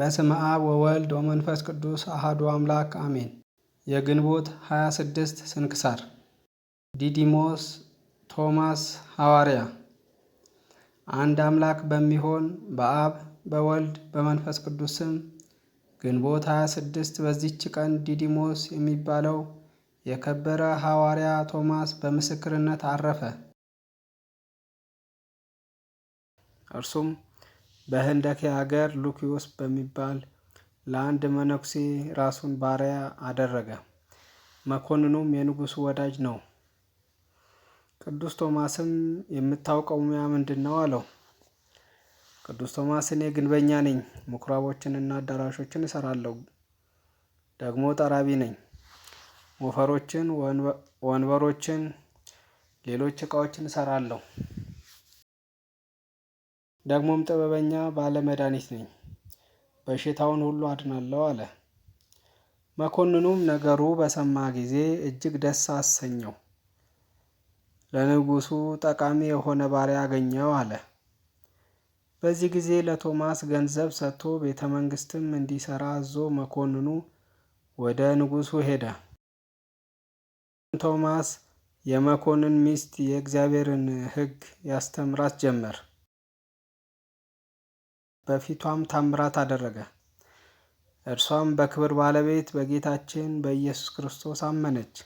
በስመ አብ ወወልድ ወመንፈስ ቅዱስ አሐዱ አምላክ አሜን። የግንቦት 26 ስንክሳር ዲዲሞስ ቶማስ ሐዋርያ። አንድ አምላክ በሚሆን በአብ በወልድ በመንፈስ ቅዱስ ስም ግንቦት 26 በዚች ቀን ዲዲሞስ የሚባለው የከበረ ሐዋርያ ቶማስ በምስክርነት አረፈ። እርሱም በህንደኬ ሀገር ሉኪዮስ በሚባል ለአንድ መነኩሴ ራሱን ባሪያ አደረገ። መኮንኑም የንጉሱ ወዳጅ ነው። ቅዱስ ቶማስም የምታውቀው ሙያ ምንድን ነው አለው። ቅዱስ ቶማስ እኔ ግንበኛ ነኝ፣ ምኩራቦችንና አዳራሾችን እሰራለሁ። ደግሞ ጠራቢ ነኝ። ሞፈሮችን፣ ወንበሮችን፣ ሌሎች እቃዎችን እሰራለሁ። ደግሞም ጥበበኛ ባለ ነኝ፣ በሽታውን ሁሉ አድናለሁ አለ። መኮንኑም ነገሩ በሰማ ጊዜ እጅግ ደስ አሰኘው። ለንጉሱ ጠቃሚ የሆነ ባሪያ አገኘው አለ። በዚህ ጊዜ ለቶማስ ገንዘብ ሰጥቶ ቤተ መንግስትም እንዲሰራ አዞ መኮንኑ ወደ ንጉሱ ሄደ። ቶማስ የመኮንን ሚስት የእግዚአብሔርን ሕግ ያስተምራት ጀመር። በፊቷም ታምራት አደረገ። እርሷም በክብር ባለቤት በጌታችን በኢየሱስ ክርስቶስ አመነች።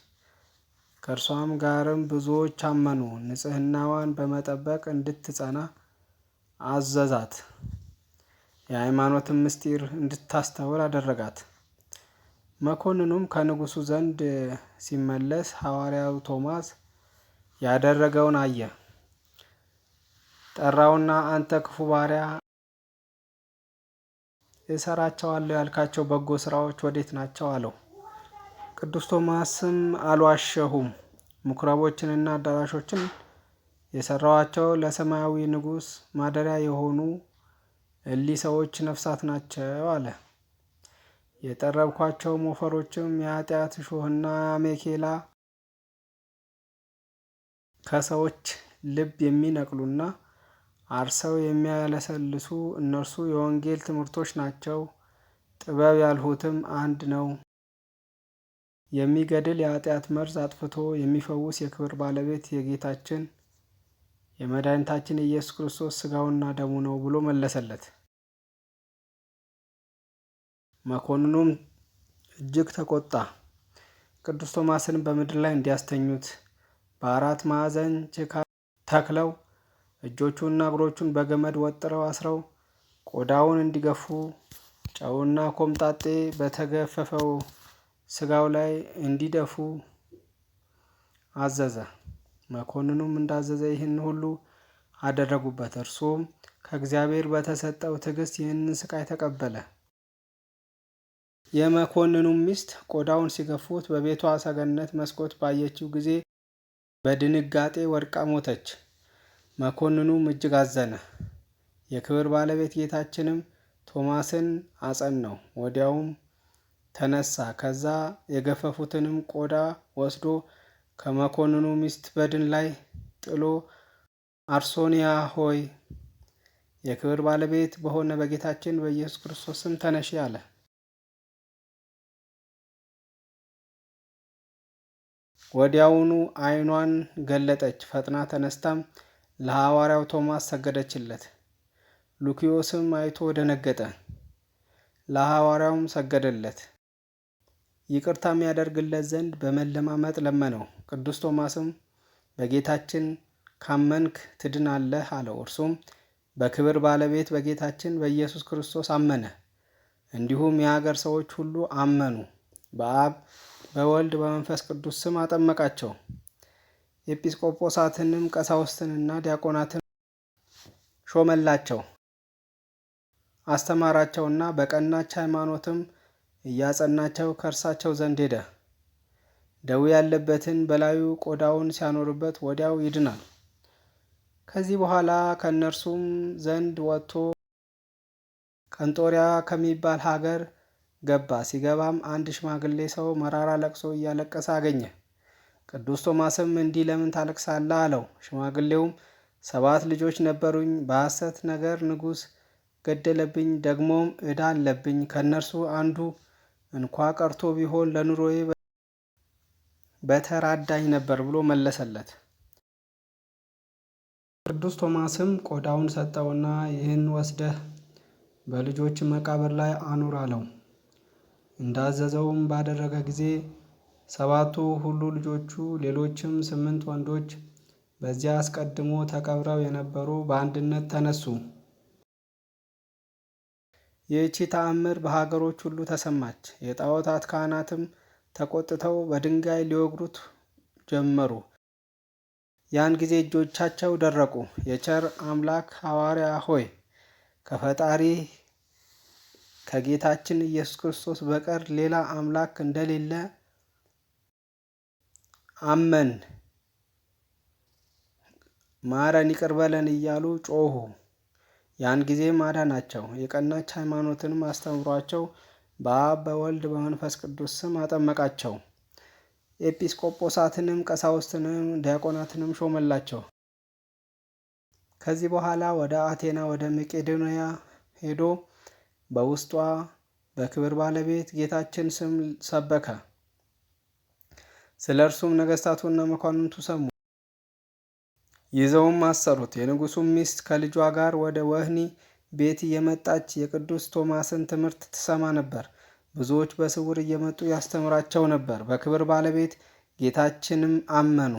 ከእርሷም ጋርም ብዙዎች አመኑ። ንጽሕናዋን በመጠበቅ እንድትጸና አዘዛት። የሃይማኖትን ምስጢር እንድታስተውል አደረጋት። መኮንኑም ከንጉሱ ዘንድ ሲመለስ ሐዋርያው ቶማስ ያደረገውን አየ። ጠራውና አንተ ክፉ ባሪያ እሰራቸዋለሁ ያልካቸው በጎ ስራዎች ወዴት ናቸው? አለው። ቅዱስ ቶማስም አልዋሸሁም ምኩራቦችንና አዳራሾችን የሰራዋቸው ለሰማያዊ ንጉሥ ማደሪያ የሆኑ እሊ ሰዎች ነፍሳት ናቸው አለ። የጠረብኳቸው ሞፈሮችም የኃጢአት እሾህና አሜኬላ ከሰዎች ልብ የሚነቅሉና አርሰው የሚያለሰልሱ እነርሱ የወንጌል ትምህርቶች ናቸው። ጥበብ ያልሁትም አንድ ነው። የሚገድል የኃጢአት መርዝ አጥፍቶ የሚፈውስ የክብር ባለቤት የጌታችን የመድኃኒታችን የኢየሱስ ክርስቶስ ስጋውና ደሙ ነው ብሎ መለሰለት። መኮንኑም እጅግ ተቆጣ። ቅዱስ ቶማስን በምድር ላይ እንዲያስተኙት በአራት ማዕዘን ችካ ተክለው እጆቹና እግሮቹን በገመድ ወጥረው አስረው ቆዳውን እንዲገፉ ጨውና ኮምጣጤ በተገፈፈው ስጋው ላይ እንዲደፉ አዘዘ። መኮንኑም እንዳዘዘ ይህን ሁሉ አደረጉበት። እርሱም ከእግዚአብሔር በተሰጠው ትዕግስት ይህንን ስቃይ ተቀበለ። የመኮንኑም ሚስት ቆዳውን ሲገፉት በቤቷ ሰገነት መስኮት ባየችው ጊዜ በድንጋጤ ወድቃ ሞተች። መኮንኑም እጅግ አዘነ። የክብር ባለቤት ጌታችንም ቶማስን አጸናው። ወዲያውም ተነሳ። ከዛ የገፈፉትንም ቆዳ ወስዶ ከመኮንኑ ሚስት በድን ላይ ጥሎ አርሶኒያ ሆይ የክብር ባለቤት በሆነ በጌታችን በኢየሱስ ክርስቶስ ስም ተነሺ አለ። ወዲያውኑ ዓይኗን ገለጠች። ፈጥና ተነስታም ለሐዋርያው ቶማስ ሰገደችለት። ሉኪዮስም አይቶ ደነገጠ፣ ለሐዋርያውም ሰገደለት። ይቅርታም ያደርግለት ዘንድ በመለማመጥ ለመነው። ቅዱስ ቶማስም በጌታችን ካመንክ ትድናለህ አለው። እርሱም በክብር ባለቤት በጌታችን በኢየሱስ ክርስቶስ አመነ። እንዲሁም የሀገር ሰዎች ሁሉ አመኑ። በአብ በወልድ በመንፈስ ቅዱስ ስም አጠመቃቸው። ኤጲስቆጶሳትንም ቀሳውስትንና ዲያቆናትን ሾመላቸው። አስተማራቸውና በቀናች ሃይማኖትም እያጸናቸው ከእርሳቸው ዘንድ ሄደ። ደዌ ያለበትን በላዩ ቆዳውን ሲያኖርበት ወዲያው ይድናል። ከዚህ በኋላ ከእነርሱም ዘንድ ወጥቶ ቀንጦሪያ ከሚባል ሀገር ገባ። ሲገባም አንድ ሽማግሌ ሰው መራራ ለቅሶ እያለቀሰ አገኘ። ቅዱስ ቶማስም እንዲህ ለምን ታለቅሳለህ አለው። ሽማግሌውም ሰባት ልጆች ነበሩኝ፣ በሐሰት ነገር ንጉሥ ገደለብኝ፣ ደግሞም ዕዳ አለብኝ። ከእነርሱ አንዱ እንኳ ቀርቶ ቢሆን ለኑሮዬ በተራዳኝ ነበር ብሎ መለሰለት። ቅዱስ ቶማስም ቆዳውን ሰጠውና ይህን ወስደህ በልጆች መቃብር ላይ አኑር አለው። እንዳዘዘውም ባደረገ ጊዜ ሰባቱ ሁሉ ልጆቹ ሌሎችም ስምንት ወንዶች በዚያ አስቀድሞ ተቀብረው የነበሩ በአንድነት ተነሱ። ይህቺ ተአምር በሀገሮች ሁሉ ተሰማች። የጣዖታት ካህናትም ተቆጥተው በድንጋይ ሊወግሩት ጀመሩ። ያን ጊዜ እጆቻቸው ደረቁ። የቸር አምላክ ሐዋርያ ሆይ ከፈጣሪ ከጌታችን ኢየሱስ ክርስቶስ በቀር ሌላ አምላክ እንደሌለ አመን ማረን ይቅር በለን እያሉ ጮሁ። ያን ጊዜ ናቸው የቀናች ሃይማኖትንም አስተምሯቸው በአብ በወልድ በመንፈስ ቅዱስ ስም አጠመቃቸው። ኤጲስቆጶሳትንም ቀሳውስትንም ዲያቆናትንም ሾመላቸው። ከዚህ በኋላ ወደ አቴና ወደ መቄዶንያ ሄዶ በውስጧ በክብር ባለቤት ጌታችን ስም ሰበከ። ስለ እርሱም ነገስታቱና መኳንንቱ ሰሙ፣ ይዘውም አሰሩት። የንጉሱም ሚስት ከልጇ ጋር ወደ ወህኒ ቤት እየመጣች የቅዱስ ቶማስን ትምህርት ትሰማ ነበር። ብዙዎች በስውር እየመጡ ያስተምራቸው ነበር። በክብር ባለቤት ጌታችንም አመኑ።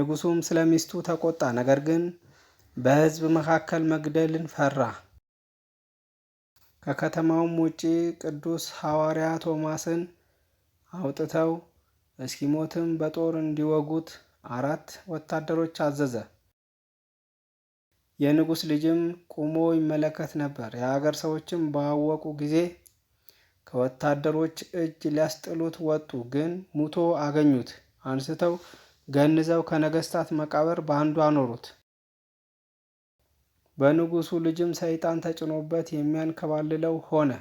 ንጉሱም ስለ ሚስቱ ተቆጣ፣ ነገር ግን በሕዝብ መካከል መግደልን ፈራ። ከከተማውም ውጪ ቅዱስ ሐዋርያ ቶማስን አውጥተው እስኪሞትም በጦር እንዲወጉት አራት ወታደሮች አዘዘ። የንጉሥ ልጅም ቁሞ ይመለከት ነበር። የሀገር ሰዎችም ባወቁ ጊዜ ከወታደሮች እጅ ሊያስጥሉት ወጡ፣ ግን ሙቶ አገኙት። አንስተው ገንዘው ከነገስታት መቃብር በአንዱ አኖሩት። በንጉሱ ልጅም ሰይጣን ተጭኖበት የሚያንከባልለው ሆነ።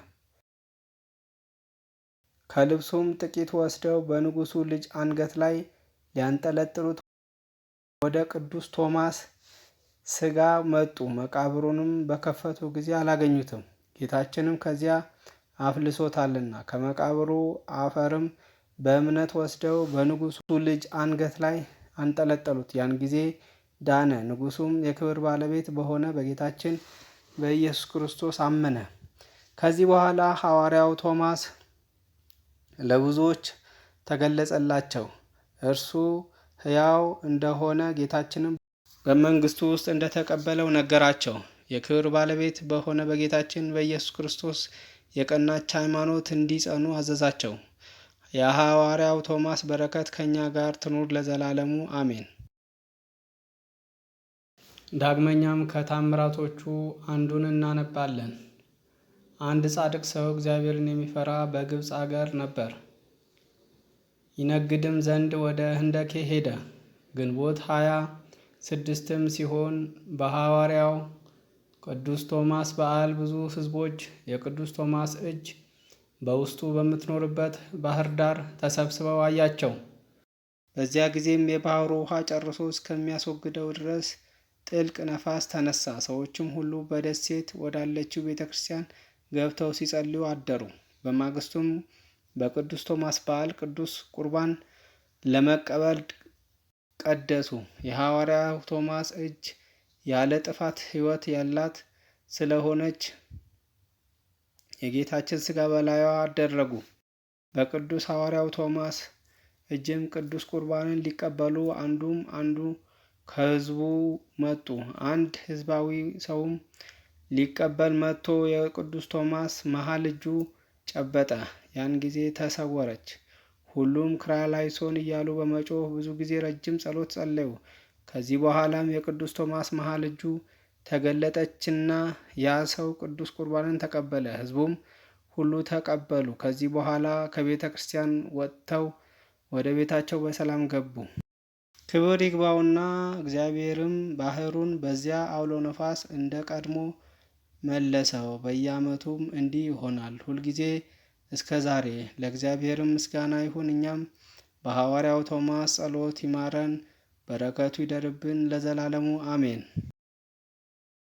ከልብሱም ጥቂት ወስደው በንጉሱ ልጅ አንገት ላይ ሊያንጠለጥሉት ወደ ቅዱስ ቶማስ ስጋ መጡ። መቃብሩንም በከፈቱ ጊዜ አላገኙትም። ጌታችንም ከዚያ አፍልሶታልና ከመቃብሩ አፈርም በእምነት ወስደው በንጉሱ ልጅ አንገት ላይ አንጠለጠሉት። ያን ጊዜ ዳነ። ንጉሱም የክብር ባለቤት በሆነ በጌታችን በኢየሱስ ክርስቶስ አመነ። ከዚህ በኋላ ሐዋርያው ቶማስ ለብዙዎች ተገለጸላቸው። እርሱ ሕያው እንደሆነ ጌታችንም በመንግስቱ ውስጥ እንደተቀበለው ነገራቸው። የክብር ባለቤት በሆነ በጌታችን በኢየሱስ ክርስቶስ የቀናች ሃይማኖት እንዲጸኑ አዘዛቸው። የሐዋርያው ቶማስ በረከት ከእኛ ጋር ትኑር ለዘላለሙ አሜን። ዳግመኛም ከታምራቶቹ አንዱን እናነባለን። አንድ ጻድቅ ሰው እግዚአብሔርን የሚፈራ በግብፅ አገር ነበር። ይነግድም ዘንድ ወደ ህንደኬ ሄደ። ግንቦት ሀያ ስድስትም ሲሆን በሐዋርያው ቅዱስ ቶማስ በዓል ብዙ ሕዝቦች የቅዱስ ቶማስ እጅ በውስጡ በምትኖርበት ባህር ዳር ተሰብስበው አያቸው። በዚያ ጊዜም የባህሩ ውሃ ጨርሶ እስከሚያስወግደው ድረስ ጥልቅ ነፋስ ተነሳ። ሰዎችም ሁሉ በደሴት ወዳለችው ቤተ ክርስቲያን ገብተው ሲጸልዩ አደሩ። በማግስቱም በቅዱስ ቶማስ በዓል ቅዱስ ቁርባን ለመቀበል ቀደሱ። የሐዋርያው ቶማስ እጅ ያለ ጥፋት ሕይወት ያላት ስለሆነች የጌታችን ሥጋ በላይዋ አደረጉ። በቅዱስ ሐዋርያው ቶማስ እጅም ቅዱስ ቁርባንን ሊቀበሉ አንዱም አንዱ ከሕዝቡ መጡ። አንድ ሕዝባዊ ሰውም ሊቀበል መጥቶ የቅዱስ ቶማስ መሀል እጁ ጨበጠ። ያን ጊዜ ተሰወረች። ሁሉም ክራላይሶን እያሉ በመጮህ ብዙ ጊዜ ረጅም ጸሎት ጸለዩ። ከዚህ በኋላም የቅዱስ ቶማስ መሀል እጁ ተገለጠችና ያ ሰው ቅዱስ ቁርባንን ተቀበለ። ህዝቡም ሁሉ ተቀበሉ። ከዚህ በኋላ ከቤተ ክርስቲያን ወጥተው ወደ ቤታቸው በሰላም ገቡ። ክብር ይግባውና እግዚአብሔርም ባህሩን በዚያ አውሎ ነፋስ እንደ ቀድሞ መለሰው በየአመቱም እንዲህ ይሆናል ሁልጊዜ እስከ ዛሬ ለእግዚአብሔርም ምስጋና ይሁን እኛም በሐዋርያው ቶማስ ጸሎት ይማረን በረከቱ ይደርብን ለዘላለሙ አሜን